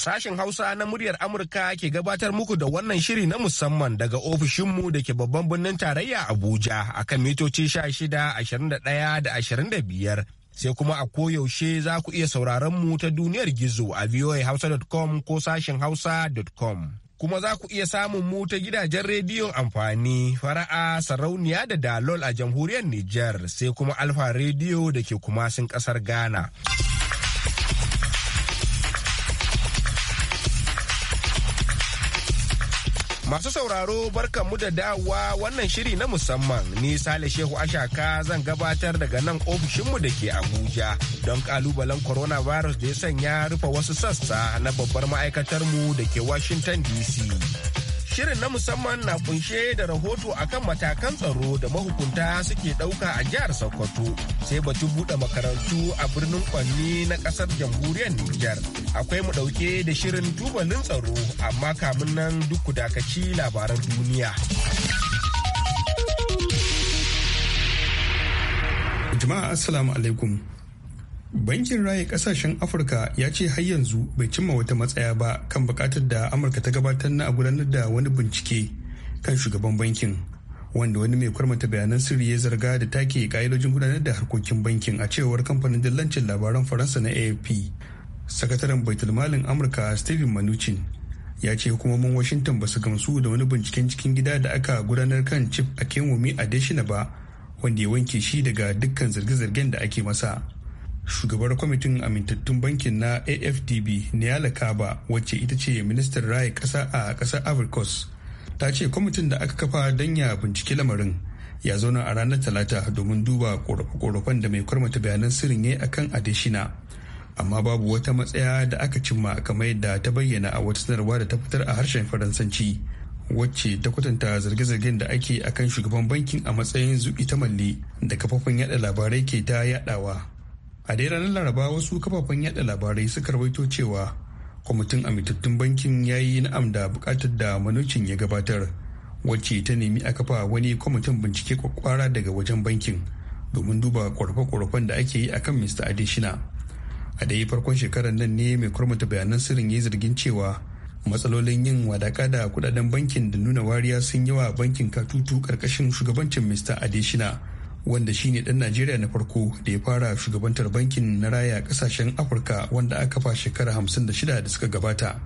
Sashen Hausa na muryar Amurka ke gabatar muku da wannan shiri na musamman daga ofishinmu da ke babban birnin tarayya Abuja a kan mitoci 16, ashirin da biyar, Sai kuma a koyaushe za ku iya sauraron mu ta duniyar gizo a voahausa.com ko sashen hausa.com. Kuma za ku iya samun mu ta gidajen rediyo amfani fara'a sarauniya da dalol a jamhuriyar Nijar sai kuma alfa rediyo da ke kumasin ƙasar Ghana. Masu sauraro barka mu da dawowa wannan shiri na musamman ni Sale Shehu Ashaka zan gabatar daga nan ofishinmu da ke Abuja don kalubalen virus da ya sanya rufe wasu sassa na babbar ma'aikatar mu da ke Washington DC. Shirin na musamman na kunshe da rahoto akan matakan tsaro da mahukunta suke ɗauka a jihar Sokoto sai batu buɗe makarantu a birnin Kwanni na ƙasar jamhuriyar Nijar. Akwai mu ɗauke da shirin tubalin tsaro amma kamun nan duk ku dakaci labaran duniya. Jama'a Assalamu alaikum. bankin raya kasashen afirka ya ce har yanzu bai cimma wata matsaya ba kan bukatar da amurka ta gabatar na a gudanar da wani bincike kan shugaban bankin wanda wani mai kwarmata bayanan sirri ya zarga da take ka'idojin gudanar da harkokin bankin a cewar kamfanin dillancin labaran faransa na afp sakataren baitulmalin amurka steven manuchin ya ce hukumomin washington ba su gamsu da wani binciken cikin gida da aka gudanar kan chip a kenwomi a ba wanda ya wanke shi daga dukkan zirge-zirgen da ake masa shugabar kwamitin amintattun bankin na afdb niyala kaba wacce ita ce ministan raya kasa a kasar avirkos ta ce kwamitin da aka kafa don ya binciki lamarin ya zauna a ranar talata domin duba korafe-korafen da mai kwarmata bayanan sirrin ya akan adeshina amma babu wata matsaya da aka cimma kamar yadda ta bayyana a wata sanarwa da ta fitar a harshen faransanci wacce ta kwatanta zarge-zargen da ake akan shugaban bankin a matsayin zuki ta malli da kafofin yada labarai ke ta yadawa a dai ranar laraba wasu kafafen yada labarai suka rawaito cewa kwamitin amintattun bankin ya yi na'am da bukatar da manocin ya gabatar wacce ta nemi a kafa wani kwamitin bincike kwakwara daga wajen bankin domin duba kwarfe kwarfen da ake yi a kan mr adeshina a dai farkon shekarar nan ne mai kwamita bayanan sirrin ya zargin cewa matsalolin yin wadaka da kudaden bankin da nuna wariya sun yawa bankin katutu karkashin shugabancin mr adeshina wanda shi ne dan najeriya na farko da ya fara shugabantar bankin na raya kasashen afirka wanda aka kafa shekara 56 da suka gabata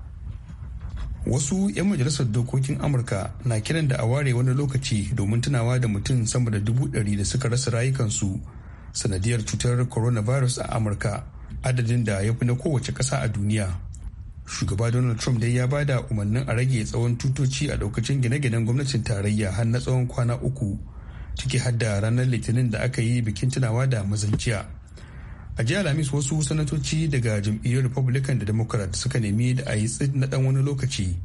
wasu 'yan majalisar dokokin amurka na kiran da a ware wani lokaci domin tunawa da mutum sama da dubu ɗari da suka rasa rayukansu sanadiyar cutar coronavirus a amurka adadin da ya fi na kowace ƙasa a duniya shugaba donald trump dai ya ba da umarnin a rage tsawon tutoci a lokacin gine-ginen gwamnatin tarayya har na tsawon kwana uku ciki har da ranar litinin da aka yi bikin tunawa da mazalciya a jiya alhamis wasu sanatoci daga jam'iyyar republican da democrat suka nemi da a yi tsit na dan wani lokaci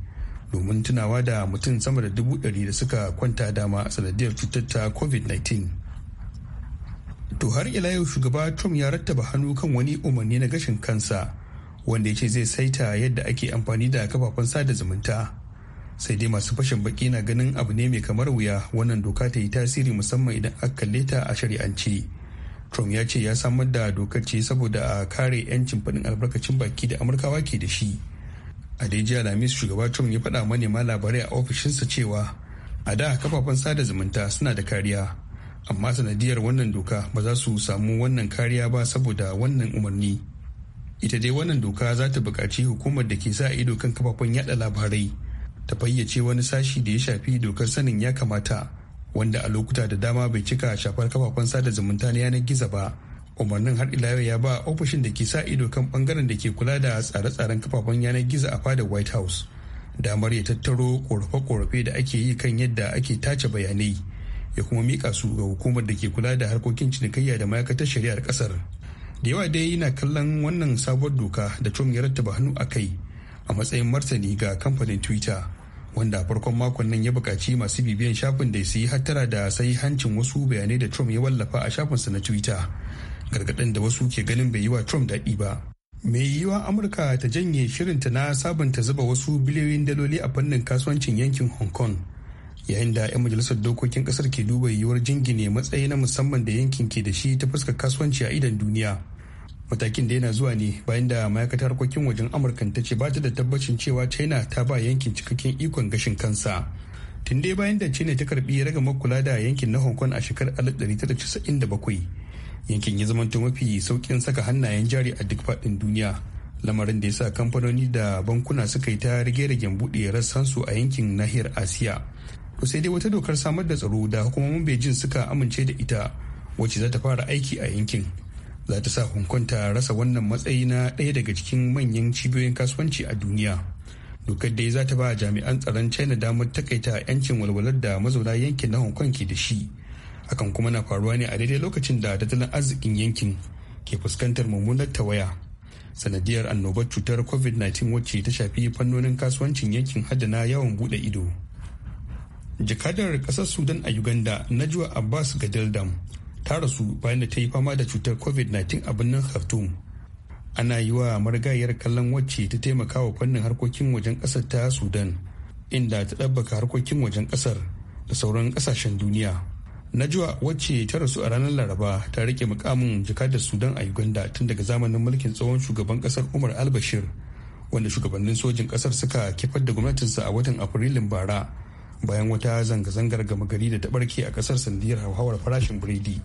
domin tunawa da mutum sama da dubu ɗari da suka kwanta dama sanadiyar cutar ta covid-19 to har ila yau shugaba trump ya rattaba hannu kan wani umarni na gashin kansa wanda ya ce zai saita yadda ake amfani da kafafen sada zumunta sai dai masu fashin baki na ganin abu ne mai kamar wuya wannan doka ta yi tasiri musamman idan aka kalle ta a shari'ance trump ya ce ya samar da dokar ce saboda a kare 'yancin faɗin albarkacin baki da amurkawa ke da shi a dai jiya shugaba trump ya faɗa manema labarai a ofishinsa cewa a da kafafen sada zumunta suna da kariya amma sanadiyar wannan doka ba za su samu wannan kariya ba saboda wannan umarni ita dai wannan doka za ta buƙaci hukumar da ke sa ido kan kafafen yada labarai ta fayyace wani sashi da ya shafi dokar sanin ya kamata wanda a lokuta da dama bai cika shafar kafafen sada zumunta na yanar gizo ba umarnin har ila ya ba ofishin da ke sa ido kan bangaren da ke kula da tsare-tsaren kafafen yanar gizo a fadar white house damar ya tattaro korafe-korafe da ake yi kan yadda ake tace bayanai ya kuma mika su ga hukumar da ke kula da harkokin cinikayya da ma'aikatar shari'ar kasar da yawa dai yana kallon wannan sabuwar doka da trump ya rattaba hannu a kai a matsayin martani ga kamfanin twitter wanda a farkon makon nan ya buƙaci masu bibiyan shafin da ya sayi hattara da sai hancin wasu bayanai da Trump ya wallafa a shafinsa na Twitter. Gargaɗin da wasu ke ganin bai yi wa Trump daɗi ba. Mai yiwuwa Amurka ta janye shirinta na sabunta zuba wasu biliyoyin daloli a fannin kasuwancin yankin Hong Kong. Yayin da 'yan majalisar dokokin kasar ke duba yiwuwar jingine matsayi na musamman da yankin ke da shi ta fuskar kasuwanci a idon duniya. matakin da yana zuwa ne bayan da ma'aikatar harkokin wajen amurka ta ce bata da tabbacin cewa china ta ba yankin cikakken ikon gashin kansa tun dai bayan da china ta karbi ragamar kula da yankin na hong kong a shekarar 1997 yankin ya zamanto mafi saukin saka hannayen jari a duk faɗin duniya lamarin da ya sa kamfanoni da bankuna suka yi ta rage-ragen buɗe rassansu a yankin nahiyar asiya to sai dai wata dokar samar da tsaro da hukumomin beijing suka amince da ita wacce za ta fara aiki a yankin za ta sa hong kong ta rasa wannan matsayi na ɗaya daga cikin manyan cibiyoyin kasuwanci a duniya dokar dai za ta ba jami'an tsaron china damar takaita 'yancin walwalar da mazauna yankin na hong kong ke da shi hakan kuma na faruwa ne a daidai lokacin da tattalin arzikin yankin ke fuskantar mummunar ta waya. sanadiyar annobar cutar covid-19 wacce ta shafi fannonin kasuwancin yankin haddana yawan bude ido jakadar kasar sudan a uganda najwa abbas Gadeldam, ta rasu bayan da ta yi fama da cutar covid-19 a birnin khartoum ana yi wa marigayar kallon wacce ta taimaka wa fannin harkokin wajen kasar ta sudan inda ta ɗabbaka harkokin wajen ƙasar da sauran ƙasashen duniya najwa wacce ta rasu a ranar laraba ta rike mukamin jakadar sudan a uganda tun daga zamanin mulkin tsohon shugaban kasar umar albashir wanda shugabannin sojin kasar suka kifar da gwamnatinsa a watan afrilun bara bayan wata zanga-zangar gama gari da ta barke a kasar sandiyar hauhawar farashin biredi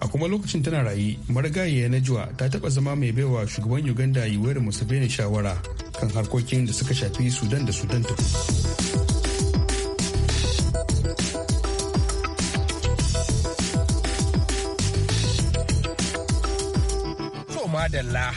a kuma lokacin tana raye marigayiya na juwa ta taba zama mai baiwa shugaban uganda yiwuwar museveni shawara kan harkokin da suka shafi sudan da sudan ta madalla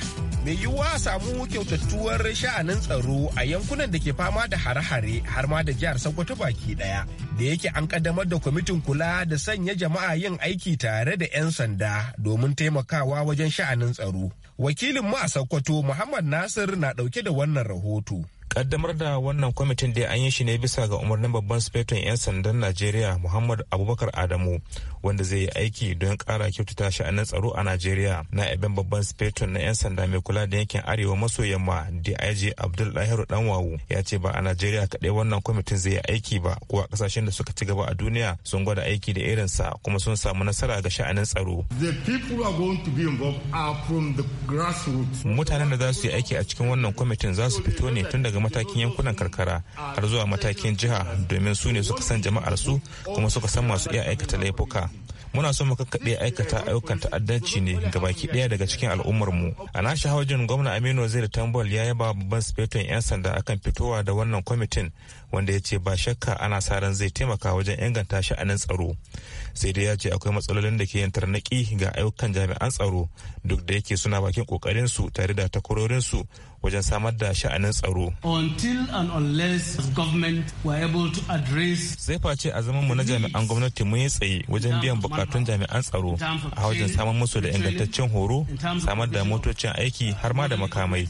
mai yiwuwa samu kyautattuwar sha'anin tsaro a yankunan da ke fama da hare-hare har ma da jihar sokoto baki daya da yake an kaddamar da kwamitin kula da sanya jama'a yin aiki tare da 'yan sanda domin taimakawa wajen sha'anin tsaro wakilin mu a sokoto muhammad nasir na dauke da wannan rahoto kaddamar da wannan kwamitin da an yi shi ne bisa ga umarnin babban sufeton 'yan sandan najeriya muhammad abubakar adamu wanda zai yi aiki don kara kyautata sha'anin tsaro a najeriya na ibin babban sufeton na 'yan sanda mai kula da yankin arewa maso yamma dig abdul lahiru danwawu ya ce ba a najeriya kaɗai wannan kwamitin zai yi aiki ba ko a kasashen da suka ci gaba a duniya sun gwada aiki da irinsa kuma sun samu nasara ga sha'anin tsaro mutanen da za su yi aiki a cikin wannan kwamitin za su fito ne tun daga matakin yankunan karkara har zuwa matakin jiha domin su ne suka san jama'ar su kuma suka san masu iya aikata laifuka muna so mu kakkaɓe aikata ayyukan ta'addanci ne ga baki ɗaya daga cikin al'ummarmu a na shahawajin gwamna aminu zai tambol ya yaba babban sifeton 'yan sanda akan fitowa da wannan kwamitin wanda ya ce ba shakka ana sa ran zai taimaka wajen inganta sha'anin tsaro sai dai ya ce akwai matsalolin da ke yin tarnaki ga ayyukan jami'an tsaro duk da yake suna bakin kokarin su tare da takwarorin su wajen samar da sha'anin tsaro. Until and unless government were able to address sai face a zaman mu na jami'an gwamnati mun yi tsaye wajen biyan bukatun jami'an tsaro a wajen samar musu da ingantaccen horo samar da motocin aiki har ma da makamai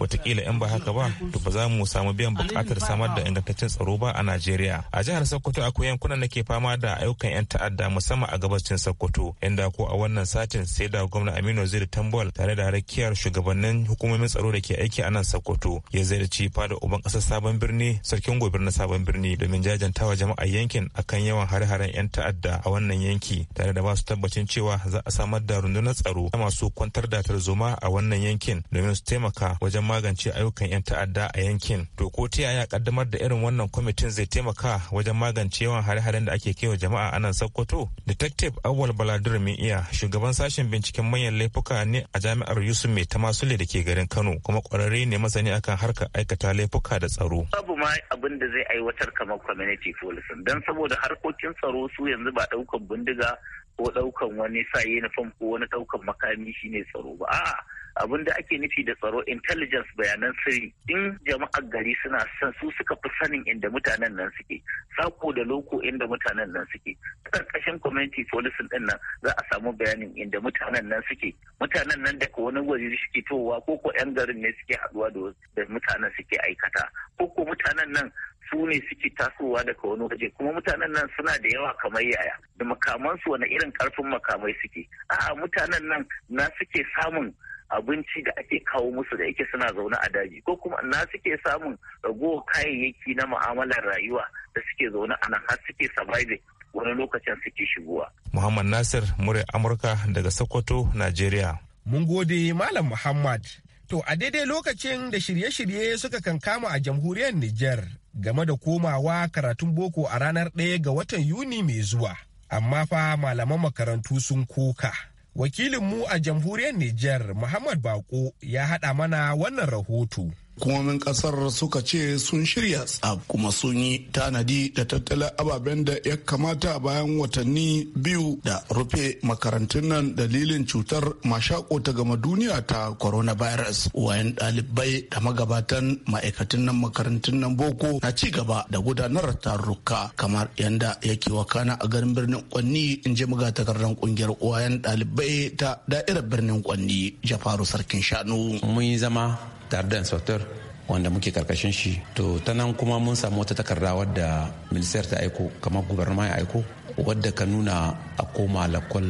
watakila in ba haka ba to ba za mu samu biyan bukatar samar da ingantaccen tsaro ba a Najeriya a jihar Sokoto akwai yankunan da ke fama da ayyukan 'yan ta'adda musamman a gabashin Sokoto inda ko a wannan satin sai da gwamna Aminu Ziri Tambol tare da rakiyar shugabannin hukumomin tsaro da ke aiki yake a nan Sokoto ya ziyarci fada uban ƙasar Sabon Birni sarkin gobe na Sabon Birni domin jajantawa jama'a yankin akan yawan hare-haren 'yan ta'adda a wannan yanki tare da masu tabbacin cewa za a samar da rundunar tsaro ta masu kwantar da tarzoma a wannan yankin domin su taimaka wajen magance ayyukan 'yan ta'adda a yankin. To ko ta yaya kaddamar da irin wannan kwamitin zai taimaka wajen magance yawan hare-haren da ake kaiwa jama'a a nan Sokoto? Detective Awal Baladur iya shugaban sashen binciken manyan laifuka ne a jami'ar Yusuf Mai Tamasule da ke garin Kano kuma kwararre ne masani akan harkar aikata laifuka da tsaro. Babu ma abin da zai aiwatar kamar community policing don saboda harkokin tsaro su yanzu ba ɗaukan bindiga ko ɗaukan wani sa na ko wani ɗaukan makami shine tsaro ba. A'a abin da ake nufi da tsaro intelligence bayanan sirri in jama'ar gari suna son su suka fi sanin inda mutanen nan suke sako da loko inda mutanen nan suke karkashin community police din nan za a samu bayanin inda mutanen nan suke mutanen nan daga wani wuri suke towa ko ko yan garin ne suke haduwa da mutanen suke aikata ko ko mutanen nan su ne suke tasowa daga wani waje kuma mutanen nan suna da yawa kamar yaya da makamansu wani irin karfin makamai suke a'a mutanen nan na suke samun abinci da ake kawo musu da yake suna zaune a daji ko kuma na suke samun ragowar kayayyaki na mu'amalar rayuwa da suke zaune a nan har suke surviving wani lokacin suke shigowa. Muhammad Nasir mure Amurka daga Sokoto, Najeriya. Mun gode Malam Muhammad. To a daidai lokacin da shirye-shirye suka kankama a jamhuriyar Nijar game da komawa karatun boko a ranar ɗaya ga watan Yuni mai zuwa. Amma fa malaman makarantu sun koka. Wakilinmu a jamhuriyar Nijar Muhammad Bako ya haɗa mana wannan rahoto. hukumomin kasar suka ce sun shirya tsab kuma sun yi tanadi da tattalin ababen da ya kamata bayan watanni biyu da rufe makarantun nan dalilin cutar mashako ta gama duniya ta coronavirus wayan ɗalibai da magabatan ma'aikatan nan makarantun nan boko na ci gaba da gudanar tarurruka kamar yanda yake wakana a garin birnin kwanni in ji magatakardar kungiyar wayan ɗalibai ta da'irar birnin kwanni jafaru sarkin shanu mun zama tare da inspector wanda muke karkashin shi to ta nan kuma mun samu wata takarda wadda minister ta aiko kamar gubernama ya aiko wadda ka nuna a koma lakwal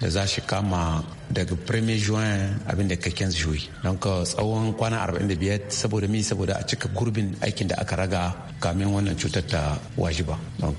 da za shi kama daga premier juin abin da ka kyan don ka tsawon kwana 45 saboda mi saboda a cika gurbin aikin da aka raga kamin wannan cutar ta wajiba ba.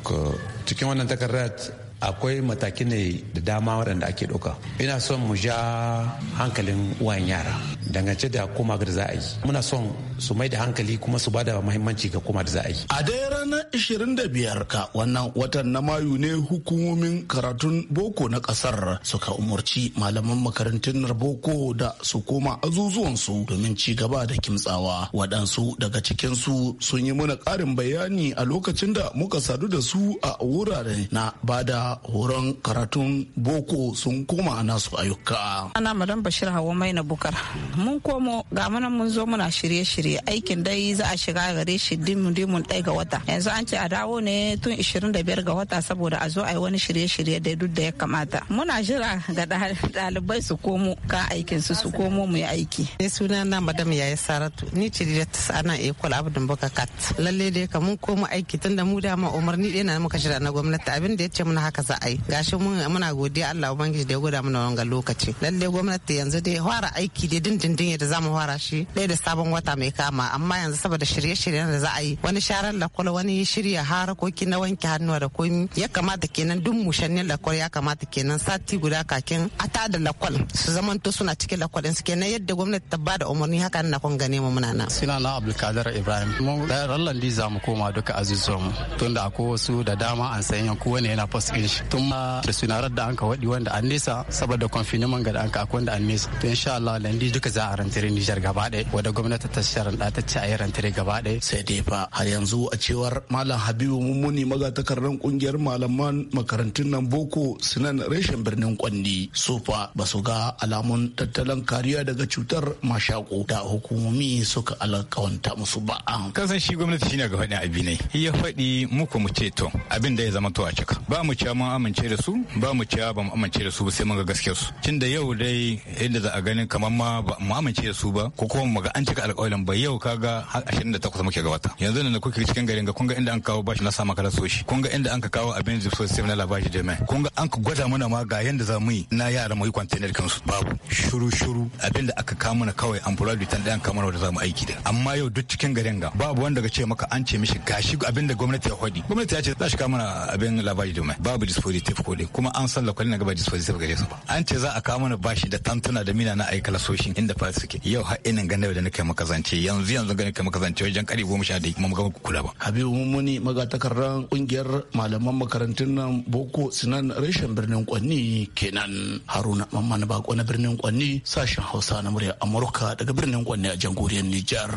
cikin wannan takardar akwai mataki ne da dama waɗanda ake ɗauka ina son mu ja hankalin uwayen yara dangance da koma da za a yi muna son su mai da hankali kuma su bada mahimmanci ga koma da za a yi a dai ranar 25 ka wannan watan na mayu ne hukumomin karatun boko na ƙasar suka umarci malaman makarantun boko da su koma azuzuwan su domin ci gaba da kimtsawa waɗansu daga cikin su sun yi mana ƙarin bayani a lokacin da muka sadu da su a wurare na bada horon karatun boko sun koma a nasu ayyuka. Ana madan Bashir Hawa na Bukar. Mun komo ga manan mun zo muna shirye-shirye aikin dai za a shiga gare shi dimun dimun ɗaya ga wata. Yanzu an ce a dawo ne tun 25 ga wata saboda a zo a yi wani shirye-shirye dai duk da ya kamata. Muna jira ga ɗalibai su komo ka aikin su su komo mu yi aiki. ne suna na madam yayi Saratu ni ce da ta ana ekol Abdul Bakakat. Lalle dai ka mun komo aiki tunda mu dama umarni ɗaya na muka jira na gwamnati abin da ya ce muna haka haka za a yi gashi muna godiya Allah ubangiji da ya gwada mana wannan lokaci lalle gwamnati yanzu dai fara aiki da dindindin yadda za mu fara shi dai da sabon wata mai kama amma yanzu saboda shirye-shiryen da za a yi wani sharar lakwal wani shirya harakoki na wanke hannuwa da komi ya kamata kenan duk mushannin lakwal ya kamata kenan sati guda kakin a ta da lakwal su to suna cikin lakwal din su kenan yadda gwamnati ta ba da umarni haka na kun gane mu muna nan. suna na abdulkadir ibrahim mun rallan za mu koma duka azuzuwan mu tunda akwai wasu da dama an san yanku wani yana fasikin shi tun ma da sunarar da anka ka waɗi wanda an nesa saboda konfiniman ga da an ka akwai wanda an nesa to insha Allah landi duka za a rantare Nijar gaba ɗaya wadda gwamnati ta sharan da ta ce a yi rantare gaba ɗaya. Sai dai fa har yanzu a cewar Malam Habibu Mummuni magatakardan kungiyar malaman makarantun nan boko sunan reshen birnin Kwandi sofa ba su ga alamun tattalin kariya daga cutar mashako da hukumomi suka alƙawanta musu ba. Kasan shi gwamnati shine ga faɗin abi ne. Ya faɗi muku mu ce to abin da ya zama to a cika. Ba mu cewa mun amince da su ba mu cewa ba mu amince da su sai mun ga gaskiyar su tun da yau dai inda za a ganin kamar ma ba mu amince da su ba ko kuma mu ga an cika alƙawarin ba yau kaga har 28 muke ga wata yanzu da kuke cikin garin ga kun ga inda an kawo bashi na sama kala soshi kun ga inda an ka kawo abin zip sosai na labashi jami'a kun ga an ka gwada mana ma ga yanda za mu yi na yara mu yi kwantenar kansu babu shuru shuru abin da aka kawo mana kawai an fura dutan ɗayan kamar wanda za mu aiki da amma yau duk cikin garin ga babu wanda ga ce maka an ce mishi gashi abin da gwamnati ya faɗi gwamnati ya ce za shi kawo mana abin labashi jami'a babu dispositif ko dai kuma an san lakwalin gaba dispositif gare su ba an ce za a kawo mana bashi da tantuna da mina na aika lasoshin inda fa suke yau har inin ganda da nake zance yanzu yanzu gane kai zance wajen kare goma sha da kuma muka kula ba habibu mummuni magatakarran kungiyar malaman makarantun nan boko sinan reshen birnin kwanni kenan haruna na bako na birnin kwanni sashen hausa na murya amurka daga birnin kwanni a jamhuriyar nijar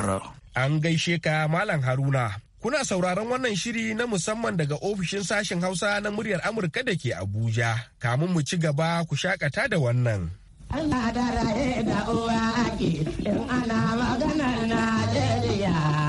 an gaishe ka malam haruna Kuna sauraron wannan shiri na musamman daga ofishin sashen Hausa na muryar Amurka da ke Abuja. Kamun mu ci gaba ku shakata da wannan. Allah da raye da uwa ake in ana maganar Najeriya.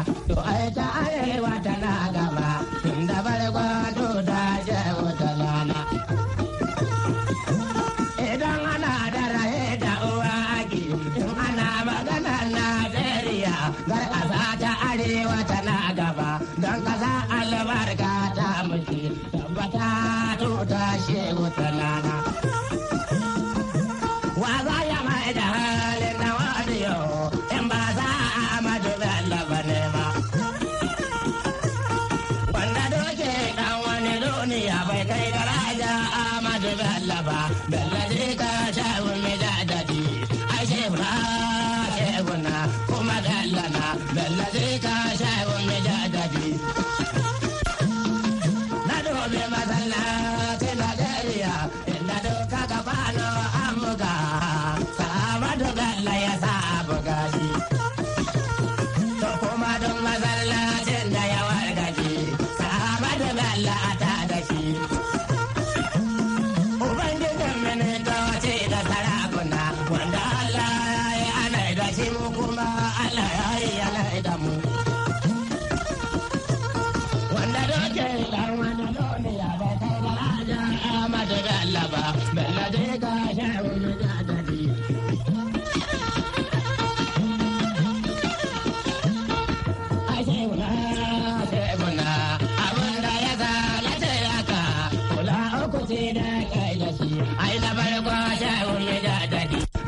لنا بلدي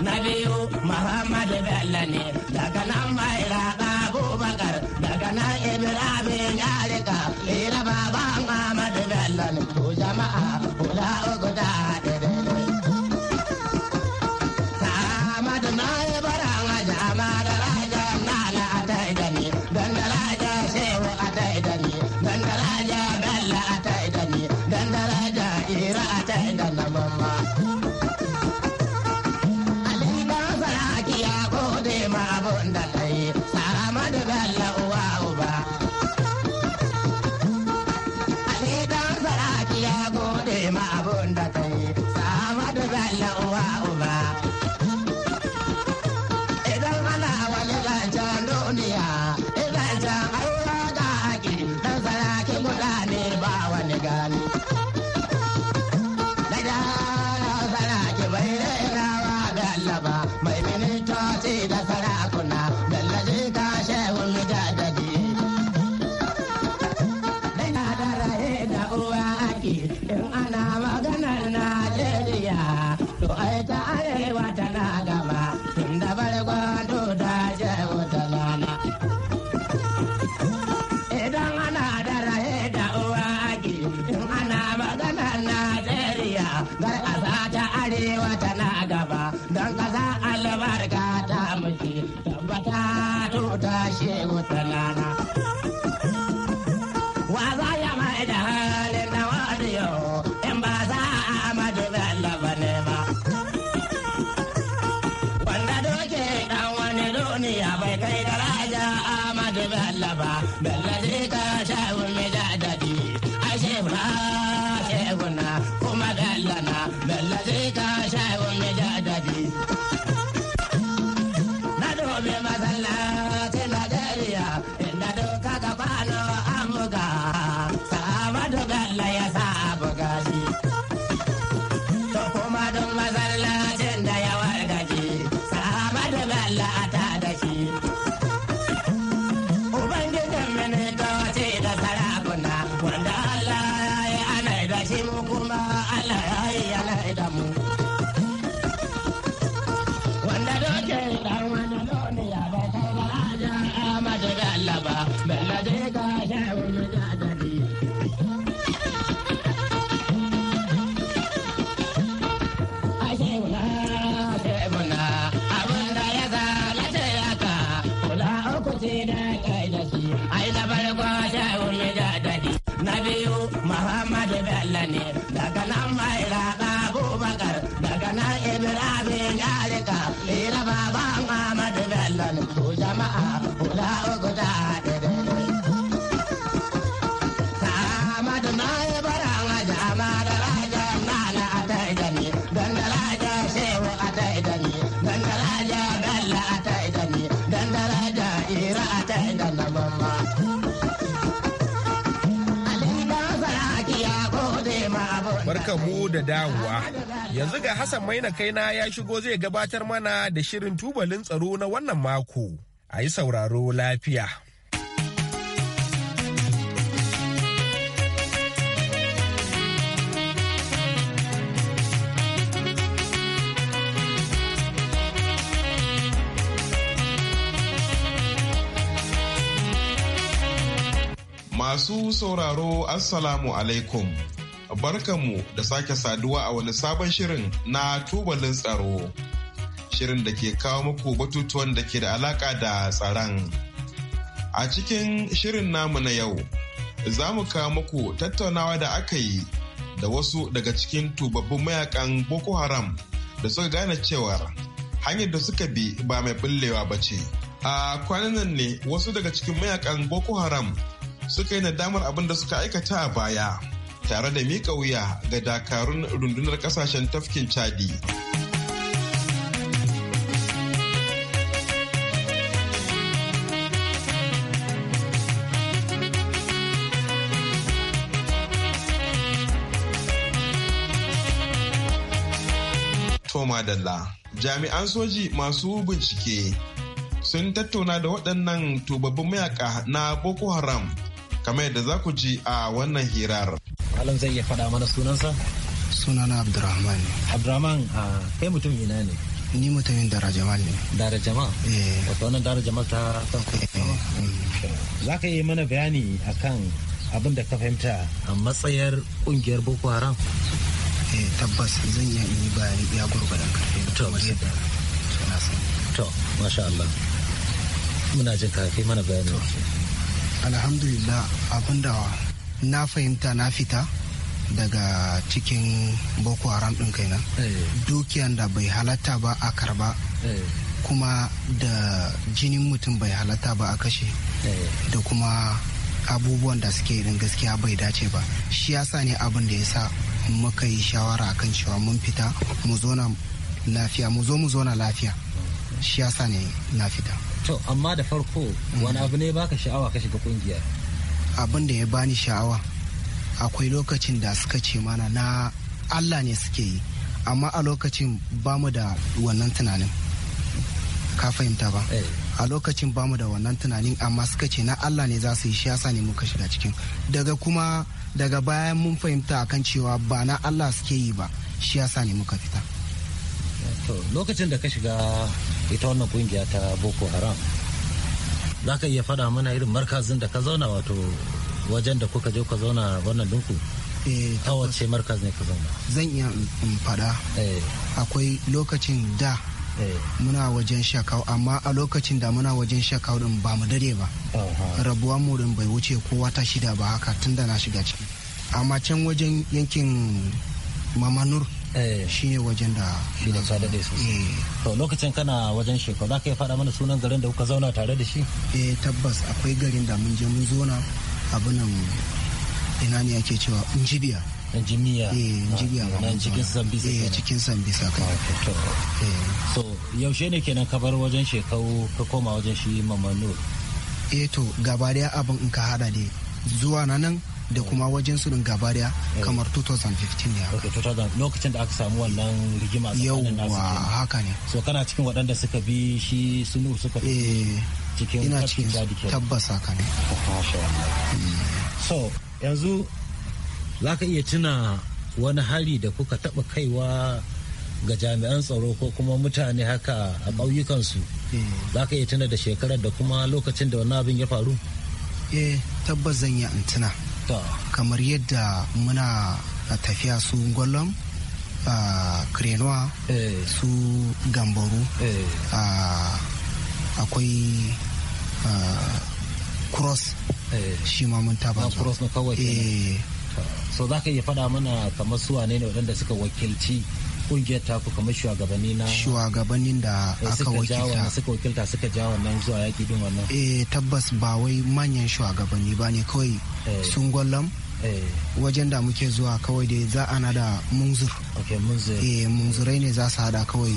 na biyu Muhammad Bello ne daga nan mai raga Abubakar daga nan Ibrahim sai da kai da su ai na farko shehu ya ja dadi na biyu muhammadu bello ne daga nan mai raɗa abubakar daga nan ibrahim ya rika ira baban ahmadu bello ne su jama'a kula uku ta mu da dawowa. Yanzu ga Hassan Maina kaina ya shigo zai gabatar mana da shirin tubalin tsaro na wannan mako. A yi sauraro lafiya. Masu sauraro Assalamu alaikum. barkanmu da sake saduwa a wani sabon shirin na tubalin tsaro. Shirin da ke kawo muku batutuwan da ke da alaka da tsaron. A cikin shirin namu na yau, za mu kawo muku tattaunawa da aka yi da wasu daga cikin tubabbin mayakan Boko Haram da suka gane cewar hanyar da suka bi ba mai bullewa ba ce. A kwanan nan ne wasu daga cikin mayakan Boko Haram suka yi nadamar abin da suka aikata a baya. tare da mika wuya ga dakarun rundunar kasashen tafkin chadi Toma Dalla jami'an soji masu bincike sun tattauna da waɗannan tubabbin mayaka na Boko Haram kamar yadda za ku ji a wannan hirar. alan zai iya faɗa mana sunansa sunana abdurrahman abdurrahman a kai mutum ina ne ni mutumin dara ne darajama eh wato wannan dara jamal ta eh, eh, mm. za ka yi mana bayani akan abin da ka fahimta a matsayar kungiyar boko haram eh tabbas zan iya yi bayani ya gurbadan karfe to to masha Allah muna jin ka kai mana bayani alhamdulillah abin da na fahimta na fita daga cikin boko haram ɗin kaina eh. dukiyan da bai halatta ba a karba eh. kuma da jinin mutum bai halatta ba a kashe eh. da kuma abubuwan da suke irin gaskiya bai dace ba shi yasa ne abin da ya sa muka yi shawara akan cewa mun fita mu zo na lafiya mu zo mu zo na lafiya shi yasa ne na fita to amma da farko wani mm. abu ne baka sha'awa ka shiga kungiyar abin da ya bani sha'awa akwai lokacin da suka ce mana na allah ne suke yi amma a lokacin bamu da wannan tunanin ka fahimta ba eh. a lokacin bamu da wannan tunanin amma suka ce na allah ne za su yi shi yasa ne muka shiga cikin daga kuma daga bayan mun fahimta akan cewa ba na allah suke yi ba shi yasa ne muka fita lokacin da ka shiga ita wannan kungiya ta boko haram za ka iya faɗa mana irin markazin da ka zauna wato wajen da kuka je ka zauna wannan dinku eh, a wace markaz ne ka zauna zan iya in faɗa eh. akwai lokacin da eh. muna wajen shakau amma a lokacin da muna wajen shakau din ba mu dare ba rabuwan mu din bai wuce kowa ta shida ba haka tun da na shiga ciki amma can wajen yankin mamanur Eh, shi ne wajen da shi da ta daɗe sosai eh. to lokacin kana wajen shekau za ka yi faɗa mana sunan garin da kuka zauna tare da shi eh tabbas akwai garin da mun je mun zauna abunan ina ne ake cewa injibiya injiniya eh, Na cikin sambisa eh cikin sambisa kai ah, so yaushe ne kenan ka bar wajen shekau ka koma wajen shi mamanu eh to gaba abin in ka hada ne zuwa na nan da mm. kuma wajen sulun gaba mm. kamar 2015 ya lokacin da aka samu wannan rigima tsakanin nasu haka ne so kana cikin waɗanda suka bi shi sunu suka fi eh, cikin ina cikin tabbas haka ne mm. so yanzu za ka iya tuna wani hari da kuka taɓa kaiwa ga jami'an tsaro ko kuma mutane haka a ƙauyukansu eh. za ka iya tuna da shekarar da kuma lokacin da wani abin ya faru? eh tabbas zan yi antuna kamar yadda muna tafiya su gwallon krenuwa eh. su gambaru eh. akwai cross eh. shi ma mun taba cross na kawai so za ka iya faɗa mana kamar su ne waɗanda suka wakilci kungiyar taku kamar shugabanni na shugabannin da eh, aka wakilta suka wakilta suka ja wannan zuwa yaki din wannan eh tabbas ba wai manyan shugabanni ba ne kawai eh. sun gwallam eh. wajen da muke zuwa kawai da za ana da munzur eh munzurai ne za su hada kawai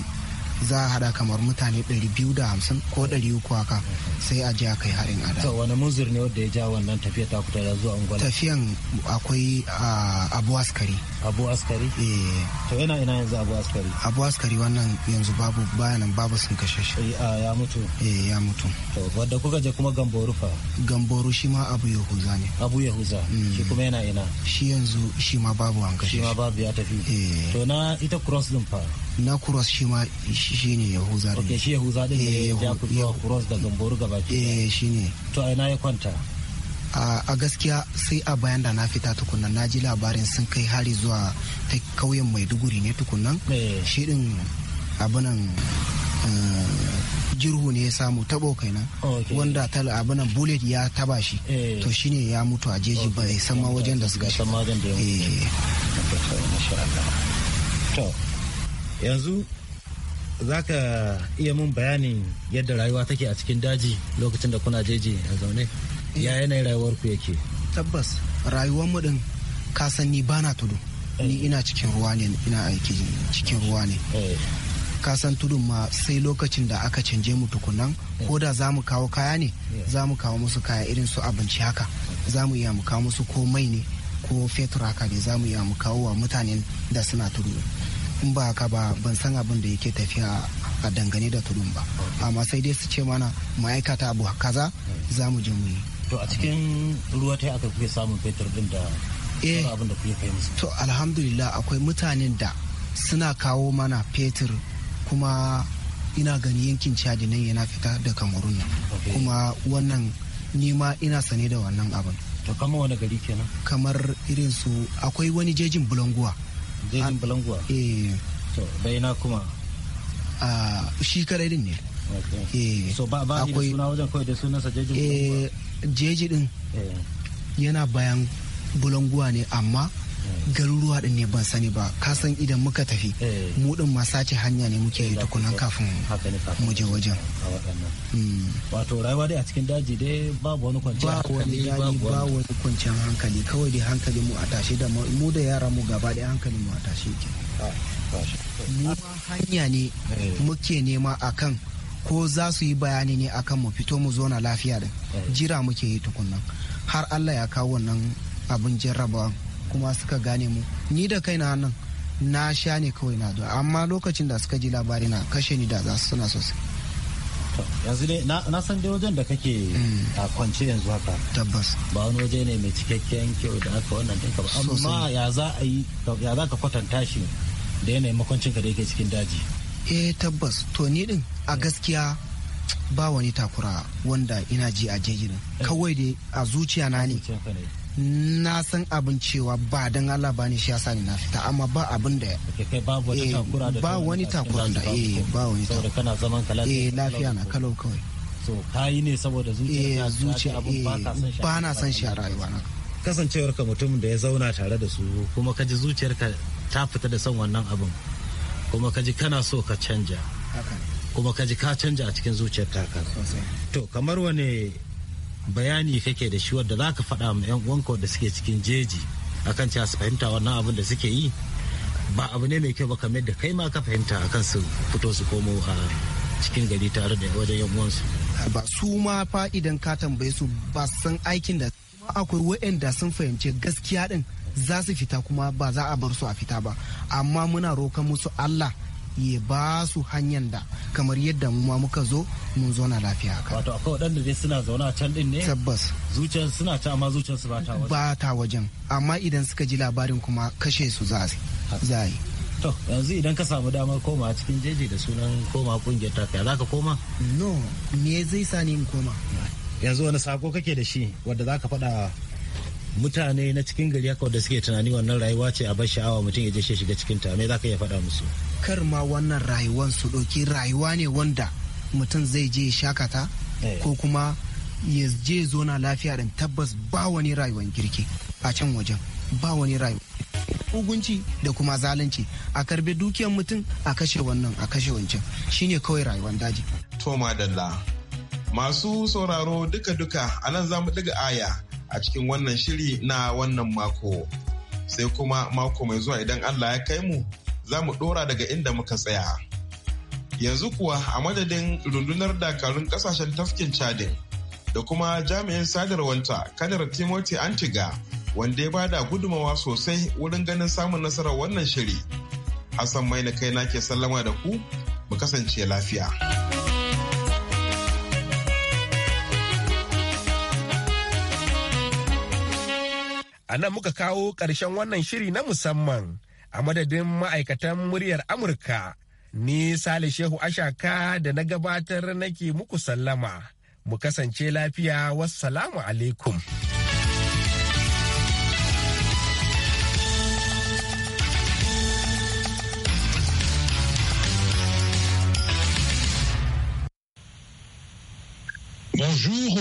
za a hada kamar mutane 250 ko 300 haka sai a ja kai harin ada. to wani munzur ne wanda ya ja wannan tafiya ta kuta zuwa ungwala tafiyan akwai ah, abu askari abu askari eh to yana ina yanzu abu askari abu askari wannan yanzu babu bayanan babu sun kashe shi eh ah, ya mutu eh ya mutu to wanda kuka je kuma gamboru fa gamboru shi ma abu yahuza ne abu yahuza mm. shi kuma yana ina shi yanzu shi ma babu an kashe shi ma babu ya tafi eh to na ita cross din fa na cross shi ma shi ne yahuza din ok shi yahuza din ne eh, ya kuros da gamboru gaba ki eh shi ne to ina ya kwanta a gaskiya sai a bayan da na fita tukunan na ji labarin sun kai hari zuwa ta kauyen maiduguri ne tukunan eh. shi din abinan eh, jirhu ne ya samu tabo kenan wanda abinan bullet ya taba shi eh. to shine ya mutu a jeji bai san ma wajen da su gashi yanzu za ka iya mun bayanin yadda rayuwa take a cikin daji lokacin da kuna jeji a zaune ya yanayin rayuwar ku yake tabbas rayuwar mu din ka san ni bana tudu ni eh. ina cikin ruwa ne ina aiki cikin ruwa ne eh. ka san tudun ma sai lokacin da aka canje mu tukunan eh. ko da za mu kawo kaya ne za mu kawo musu kaya irin su abinci haka za mu iya mu kawo musu ko mai ne ko fetur haka ne za mu iya mu kawo wa mutanen da suna tudu in ba haka ba ban san abin da yake tafiya a dangane da tudun ba amma sai dai su ce mana ma'aikata abu kaza za mu je mu yi to a cikin ruwa ta aka kuke samun fetur din da eh. abin da kuke kai musu to alhamdulillah akwai mutanen da suna kawo mana fetur kuma ina gani yankin chadi nan yana fita da kamarun nan kuma wannan nima ina sane da wannan abin to kamar wani gari kenan kamar irin su akwai wani jejin bulanguwa jejin ah, bulanguwa eh to da na kuma a ah, shi kare din ne Eh, so ba ba akwai suna wajen jeji eh, jeji din eh. yana bayan bulanguwa ne amma garuruwa din ne ban sani ba ka san idan muka tafi mu din ma sace hanya ne muke yi tukunan kafin mu je wajen hmm. wato rayuwa dai a cikin daji dai babu wani kwanciyar hankali ba wani kwanciyar hankali kawai dai hankali mu a tashe da mu da yara mu gaba da hankali mu a tashe ke ah, mu hanya ne muke nema akan ko za su yi bayani ne akan mu fito mu zona lafiya da eh. jira muke yi tukunnan har allah ya kawo wannan abin jarraba kuma suka gane mu ni da kai na nan na sha ne kawai na da amma lokacin da suka ji labari na kashe ni da za su suna sosai yanzu ne na san dai wajen da kake hmm. a kwance yanzu haka tabbas ba wani waje ne mai cikakken kyau da aka wannan ɗinka ba amma ya za ka kwatanta shi da yanayin makwancin ka da yake cikin daji eh tabbas to ni din a gaskiya ba wani takura wanda ina ji a jirgin kawai dai a zuciya na ne na san abin cewa ba don Allah ba ne shi yasa ni na fita amma ba abin da ba wani eh, takura da eh ba wani takura kana zaman kala eh lafiya na kalau kawai so ne saboda zuciya eh, zuciya abin ba ka san shi eh, ba na san shi a rayuwa na kasancewar ka mutum da ya zauna tare da su kuma ka ji zuciyarka ta fita da son wannan abin kuma ka ji kana so ka canja kuma ka ji ka canja a cikin zuciyar taka to kamar wane bayani kake da shi wadda za ka faɗa ma 'yan uwanka wadda suke cikin jeji akan cewa su fahimta wannan abin da suke yi ba abu ne mai kyau ba kamar da kai ma ka fahimta akan su fito su komo a cikin gari tare da wajen yan uwansu ba su ma fa idan ka tambaye su ba san aikin da akwai waɗanda sun fahimci gaskiya din za su fita kuma ba za a bar su a fita ba amma muna roka musu allah ya ba su hanyar da kamar yadda mu ma muka zo mun zo na lafiya ka. Wato akwai waɗanda dai suna zaune a can din ne? Tabbas. Zuciyar suna ta amma zuciyar su ba ta wajen. Ba ta wajen amma idan suka ji labarin kuma kashe su za su. za yi. To yanzu idan ka samu damar koma a cikin jeji da sunan koma kungiyar tafiya za ka koma? No me zai sa ni in koma. Yanzu wani sako kake da shi wadda za ka faɗa mutane na cikin gari haka da suke tunani wannan rayuwa ce a bar sha'awa mutum ya je shi shiga cikin ta me za ka iya faɗa musu kar ma wannan rayuwan su ɗauki rayuwa ne wanda mutum zai je ya shakata eh. ko kuma ya je zona lafiya din tabbas ba wani rayuwan girki a can wajen ba wani rayuwa hukunci da kuma zalunci a karbe dukiyar mutum a kashe wannan a kashe wancan shine kawai rayuwar daji to madalla masu sauraro duka-duka a nan za mu daga aya a cikin wannan shiri na wannan mako. Sai kuma mako mai zuwa idan Allah ya kai mu za mu ɗora daga inda muka tsaya. Yanzu kuwa a madadin rundunar dakarun kasashen tafkin Chadin da kuma jami'in sadarwanta kanar Timothy Antiga wanda ya bada gudumawa sosai wurin ganin samun nasarar wannan shiri. Hassan mai na kai na ke sallama da ku, mu kasance lafiya. nan muka kawo ƙarshen wannan shiri na musamman a madadin ma'aikatan muryar amurka ni sale shehu ashaka da na gabatar nake muku sallama mu kasance lafiya wassalamu alaikum Bonjour